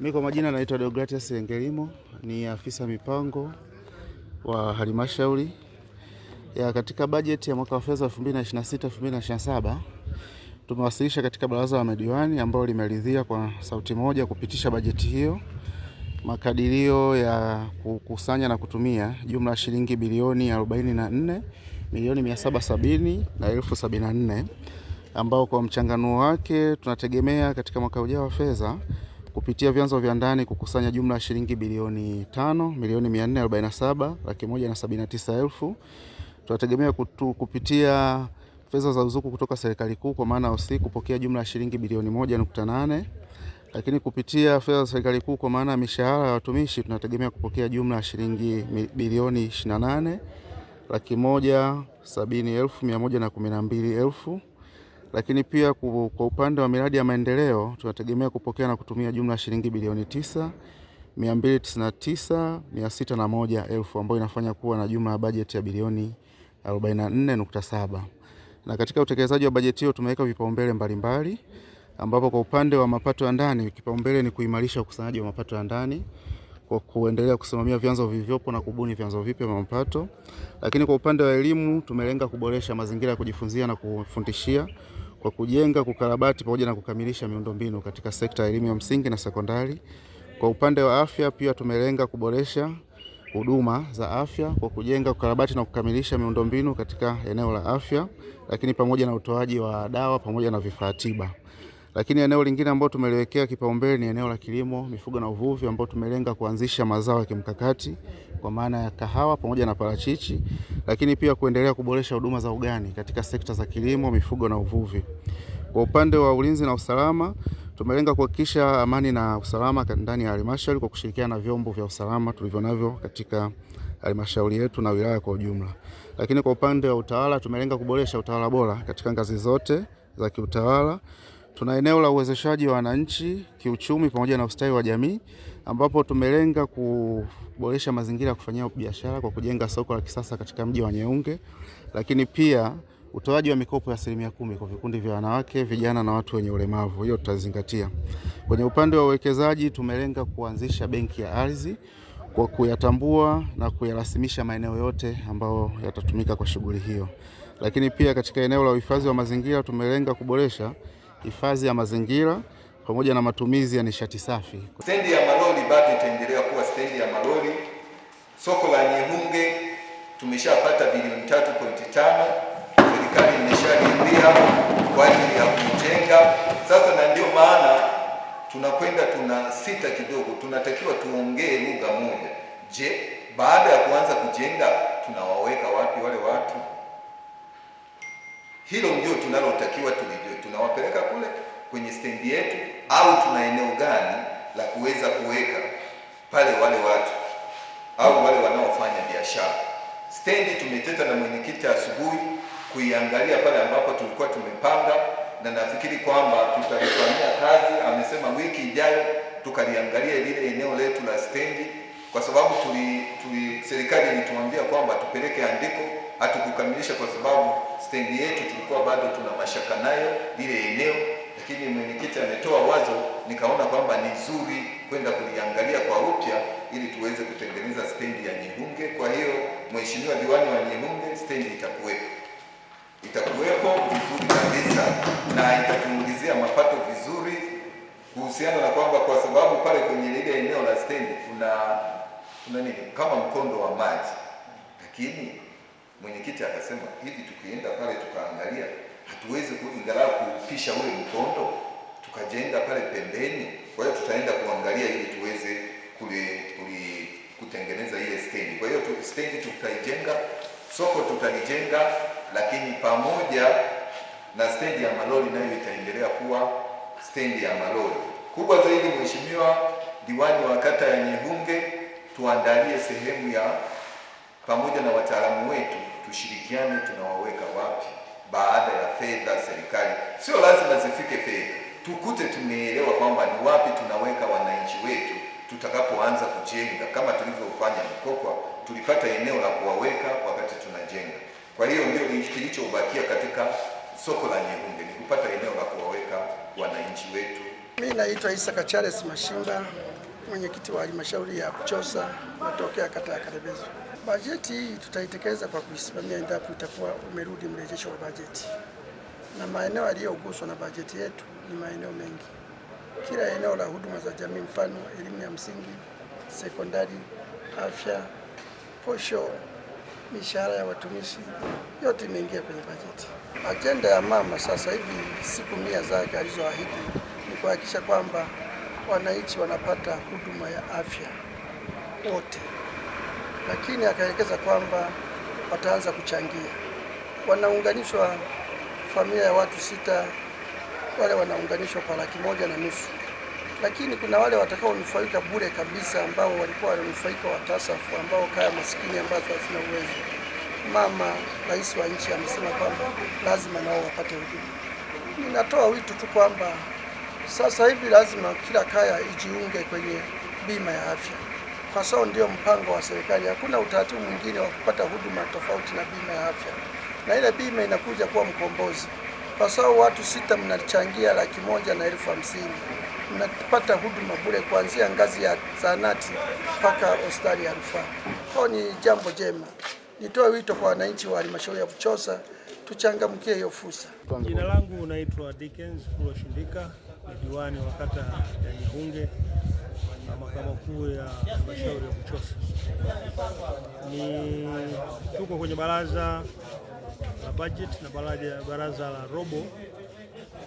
Mimi kwa majina naitwa Deogratius Engelimo, ni afisa mipango wa halmashauri. Ya katika bajeti ya mwaka wa fedha 2026 2027 tumewasilisha katika baraza la madiwani ambao limeridhia kwa sauti moja kupitisha bajeti hiyo makadirio ya kukusanya na kutumia jumla shilingi bilioni 44 milioni 770 na elfu 74 ambao kwa mchanganuo wake tunategemea katika mwaka ujao wa fedha kupitia vyanzo vya ndani kukusanya jumla ya shilingi bilioni 5 milioni 447 laki moja na sabini na tisa elfu. Tunategemea kupitia fedha za ruzuku kutoka serikali kuu kwa maana OC kupokea jumla ya shilingi bilioni 1.8, lakini kupitia fedha za serikali kuu kwa maana ya mishahara ya watumishi tunategemea kupokea jumla ya shilingi bilioni 28 laki moja sabini elfu mia moja na kumi na mbili elfu. Lakini pia kwa upande wa miradi ya maendeleo tunategemea kupokea na kutumia jumla ya shilingi bilioni tisa elfu ambayo inafanya kuwa na jumla ya bajeti ya bilioni 44.7. Na katika utekelezaji wa bajeti hiyo tumeweka vipaumbele mbalimbali ambapo kwa upande wa mapato ya ndani kipaumbele ni kuimarisha ukusanyaji wa mapato ya ndani kwa kuendelea kusimamia vyanzo vilivyopo na kubuni vyanzo vipya vya mapato. Lakini kwa upande wa elimu tumelenga kuboresha mazingira ya kujifunzia na kufundishia kwa kujenga, kukarabati pamoja na kukamilisha miundombinu katika sekta ya elimu ya msingi na sekondari. Kwa upande wa afya pia tumelenga kuboresha huduma za afya kwa kujenga, kukarabati na kukamilisha miundombinu katika eneo la afya, lakini pamoja na utoaji wa dawa pamoja na vifaa tiba. Lakini eneo lingine ambalo tumeliwekea kipaumbele ni eneo la kilimo, mifugo na uvuvi, ambao tumelenga kuanzisha mazao ya kimkakati kwa maana ya kahawa pamoja na parachichi, lakini pia kuendelea kuboresha huduma za ugani katika sekta za kilimo, mifugo na uvuvi. Kwa upande wa ulinzi na usalama, tumelenga kuhakikisha amani na usalama ndani ya halmashauri kwa kushirikiana na vyombo vya usalama tulivyo navyo katika halmashauri yetu na wilaya kwa ujumla. Lakini kwa upande wa utawala, tumelenga kuboresha utawala bora katika ngazi zote za kiutawala. Tuna eneo la uwezeshaji wa wananchi kiuchumi pamoja na ustawi wa jamii ambapo tumelenga kuboresha mazingira ya kufanyia biashara kwa kujenga soko la kisasa katika mji wa Nyeunge, lakini pia utoaji wa mikopo ya asilimia kumi kwa vikundi vya wanawake, vijana na watu wenye ulemavu. Hiyo tutazingatia. Kwenye upande wa uwekezaji, tumelenga kuanzisha benki ya ardhi kwa kuyatambua na kuyarasimisha maeneo yote ambayo yatatumika kwa shughuli hiyo. Lakini pia katika eneo la uhifadhi wa mazingira tumelenga kuboresha hifadhi ya mazingira pamoja na matumizi ya nishati safi. Stendi ya malori bado itaendelea kuwa stendi ya malori. Soko la Nyehunge tumeshapata bilioni 3.5 serikali imeshalimbia kwa ajili ya kujenga sasa, na ndio maana tunakwenda tuna sita kidogo, tunatakiwa tuongee lugha moja. Je, baada ya kuanza kujenga tunawaweka wapi wale watu? Hilo ndio tunalotakiwa tuli tunawapeleka kule kwenye stendi yetu, au tuna eneo gani la kuweza kuweka pale wale watu au wale wanaofanya biashara. Stendi tumeteta na mwenyekiti asubuhi kuiangalia pale ambapo tulikuwa tumepanga, na nafikiri kwamba tutalifanyia kazi. Amesema wiki ijayo tukaliangalia lile eneo letu la stendi kwa sababu tuli, tuli serikali ilituambia kwamba tupeleke andiko, hatukukamilisha kwa sababu stendi yetu tulikuwa bado tuna mashaka nayo lile eneo, lakini mwenyekiti ametoa wazo, nikaona kwamba ni nzuri kwenda kuliangalia kwa upya ili tuweze kutengeneza stendi ya Nyehunge. Kwa hiyo mheshimiwa diwani wa Nyehunge, stendi itakuwepo, itakuwepo vizuri kabisa na itatuingizia mapato vizuri, kuhusiana na kwamba kwa sababu pale kwenye lile eneo la stendi kuna kuna nini kama mkondo wa maji, lakini mwenyekiti akasema hivi, tukienda pale tukaangalia, hatuwezi ingalau kupisha ule mkondo, tukajenga pale pembeni. Kwa hiyo tutaenda kuangalia ili tuweze kule kutengeneza ile stendi. Kwa hiyo stendi tutaijenga, soko tutalijenga, lakini pamoja na stendi ya malori nayo itaendelea kuwa stendi ya malori. Kubwa zaidi, Mheshimiwa diwani wa kata ya Nyehunge tuandalie sehemu ya pamoja na wataalamu wetu, tushirikiane tunawaweka wapi baada ya fedha serikali. Sio lazima zifike fedha, tukute tumeelewa kwamba ni wapi tunaweka wananchi wetu tutakapoanza kujenga, kama tulivyofanya Mkokwa, tulipata eneo la kuwaweka wakati tunajenga. Kwa hiyo ndio kilichobakia katika soko la Nyehunge ni kupata eneo la kuwaweka wananchi wetu. Mimi naitwa Isa kachares Mashinga, mwenyekiti wa halmashauri ya Buchosa natokea kata ya Karebezo. Bajeti hii tutaitekeleza kwa kuisimamia endapo itakuwa umerudi mrejesho wa bajeti, na maeneo yaliyoguswa na bajeti yetu ni maeneo mengi. Kila eneo la huduma za jamii, mfano elimu ya msingi, sekondari, afya, posho, mishahara ya watumishi, yote imeingia kwenye bajeti. Ajenda ya mama sasa hivi, siku mia zake alizoahidi ni kuhakikisha kwamba wananchi wanapata huduma ya afya wote, lakini akaelekeza kwamba wataanza kuchangia, wanaunganishwa familia ya watu sita, wale wanaunganishwa kwa laki moja na nusu, lakini kuna wale watakaonufaika bure kabisa, ambao walikuwa wananufaika watasafu, ambao kaya masikini ambazo hazina uwezo. Mama Rais wa nchi amesema kwamba lazima nao wapate huduma. Ninatoa wito tu kwamba sasa hivi lazima kila kaya ijiunge kwenye bima ya afya, kwa sababu ndio mpango wa serikali. Hakuna utaratibu mwingine wa kupata huduma tofauti na bima ya afya, na ile bima inakuja kuwa mkombozi, kwa sababu watu sita mnachangia laki moja na elfu hamsini mnapata huduma bure kuanzia ngazi ya zahanati mpaka hospitali ya rufaa. Kwa ni jambo jema. Nitoe wito kwa wananchi wa halmashauri ya Buchosa tuchangamkie hiyo fursa. Jina langu naitwa Dickens Kuloshindika, ni diwani wa kata ya Nyehunge na makao kuu ya halmashauri ya Buchosa. Ni tuko kwenye baraza la budget na baraja, baraza la robo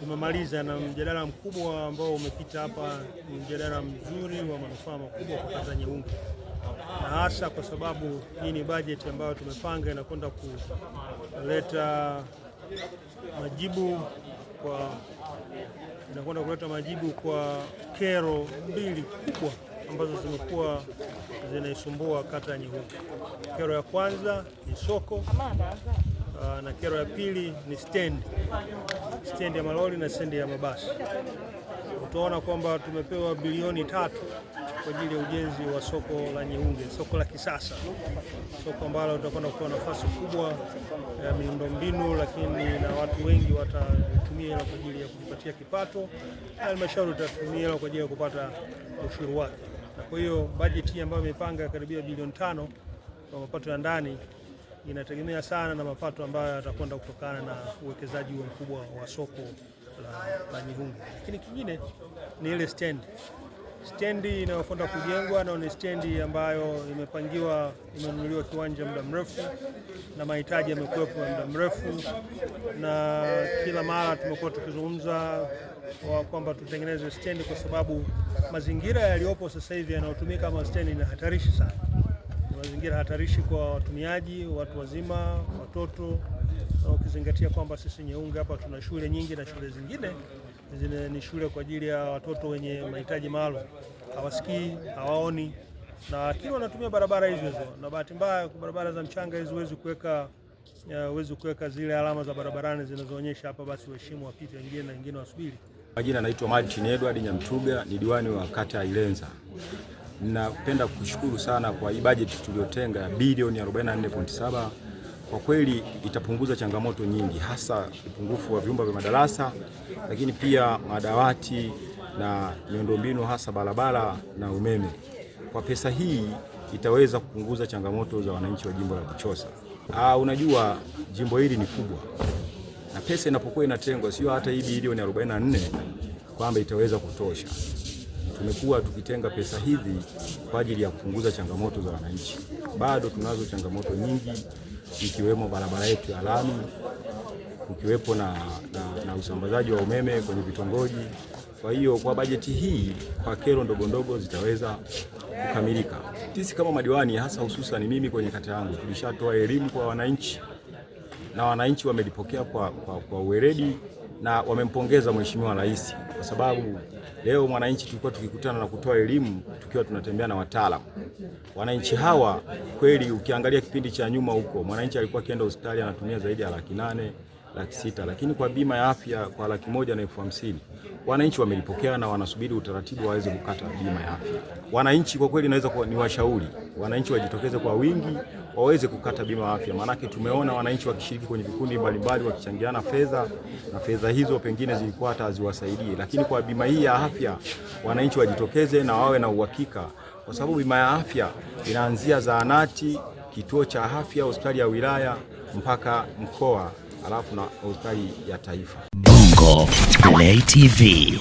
tumemaliza na mjadala mkubwa ambao umepita hapa. Ni mjadala mzuri wa manufaa makubwa kwa kata Nyehunge, na hasa kwa sababu hii ni bajeti ambayo tumepanga inakwenda ku leta majibu kwa inakwenda kuleta majibu kwa kero mbili kubwa ambazo zimekuwa zinaisumbua kata ya Nyehunge. Kero ya kwanza ni soko uh, na kero ya pili ni stendi, stendi ya malori na stendi ya mabasi. Utaona kwamba tumepewa bilioni tatu kwa ajili ya ujenzi wa soko la Nyeunge, soko la kisasa, soko ambalo utakwenda kutoa nafasi kubwa ya miundombinu, lakini na watu wengi watatumia hela kwa ajili ya kujipatia kipato, halmashauri itatumia hela kwa ajili ya kupata ushuru wake. Na kwa hiyo bajeti ambayo imepanga karibia bilioni tano kwa mapato ya ndani inategemea sana na mapato ambayo yatakwenda kutokana na uwekezaji huo mkubwa wa soko la, la Nyeunge. Lakini kingine ni ile stendi stendi inayofunda kujengwa na ni stendi ambayo imepangiwa, imenunuliwa kiwanja muda mrefu, na mahitaji yamekuwepo muda mrefu, na kila mara tumekuwa tukizungumza wa kwamba tutengeneze stendi, kwa sababu mazingira yaliyopo sasa hivi yanayotumika kama stendi ni hatarishi sana. Ni mazingira hatarishi kwa watumiaji, watu wazima, watoto, na ukizingatia kwamba sisi Nyeunge hapa tuna shule nyingi na shule zingine zile ni shule kwa ajili ya watoto wenye mahitaji maalum, hawasikii, hawaoni na kila wanatumia barabara hizo hizo, na bahati mbaya barabara za mchanga hizo huwezi kuweka eh, huwezi kuweka zile alama za barabarani zinazoonyesha hapa, basi waheshimu wapite, wengine na wengine wasubiri. Majina anaitwa Martin Edward Nyamtuga, ni diwani wa kata ya Ilenza. Napenda kushukuru sana kwa hii bajeti tuliyotenga bilioni 44.7 kwa kweli itapunguza changamoto nyingi, hasa upungufu wa vyumba vya madarasa, lakini pia madawati na miundombinu hasa barabara na umeme. Kwa pesa hii itaweza kupunguza changamoto za wananchi wa jimbo la Buchosa. Aa, ah, unajua jimbo hili ni kubwa na pesa inapokuwa inatengwa sio hata hii bilioni 44 kwamba itaweza kutosha. Tumekuwa tukitenga pesa hizi kwa ajili ya kupunguza changamoto za wananchi, bado tunazo changamoto nyingi ikiwemo barabara yetu ya lami, ukiwepo na, na, na usambazaji wa umeme kwenye vitongoji. Kwa hiyo kwa bajeti hii kwa kero ndogo ndogo zitaweza kukamilika. Sisi kama madiwani, hasa hususan mimi kwenye kata yangu, tulishatoa elimu kwa wananchi na wananchi wamelipokea kwa, kwa, kwa uweledi na wamempongeza Mheshimiwa Rais kwa sababu leo mwananchi tulikuwa tukikutana na kutoa elimu tukiwa tunatembea na wataalamu. Wananchi hawa kweli, ukiangalia kipindi cha nyuma huko, mwananchi alikuwa akienda hospitali anatumia zaidi ya laki nane laki sita, lakini kwa bima ya afya kwa laki moja na elfu hamsini wananchi wamelipokea na wanasubiri utaratibu waweze kukata bima ya afya. Wananchi kwa kweli, naweza ni washauri wananchi wajitokeze kwa wingi waweze kukata bima ya afya, maanake tumeona wananchi wakishiriki kwenye vikundi mbalimbali wakichangiana fedha na fedha hizo pengine zilikuwa hata haziwasaidii, lakini kwa bima hii ya afya wananchi wajitokeze na wawe na uhakika, kwa sababu bima ya afya inaanzia zahanati, kituo cha afya, hospitali ya wilaya mpaka mkoa, alafu na hospitali ya taifa. Bongo Play TV.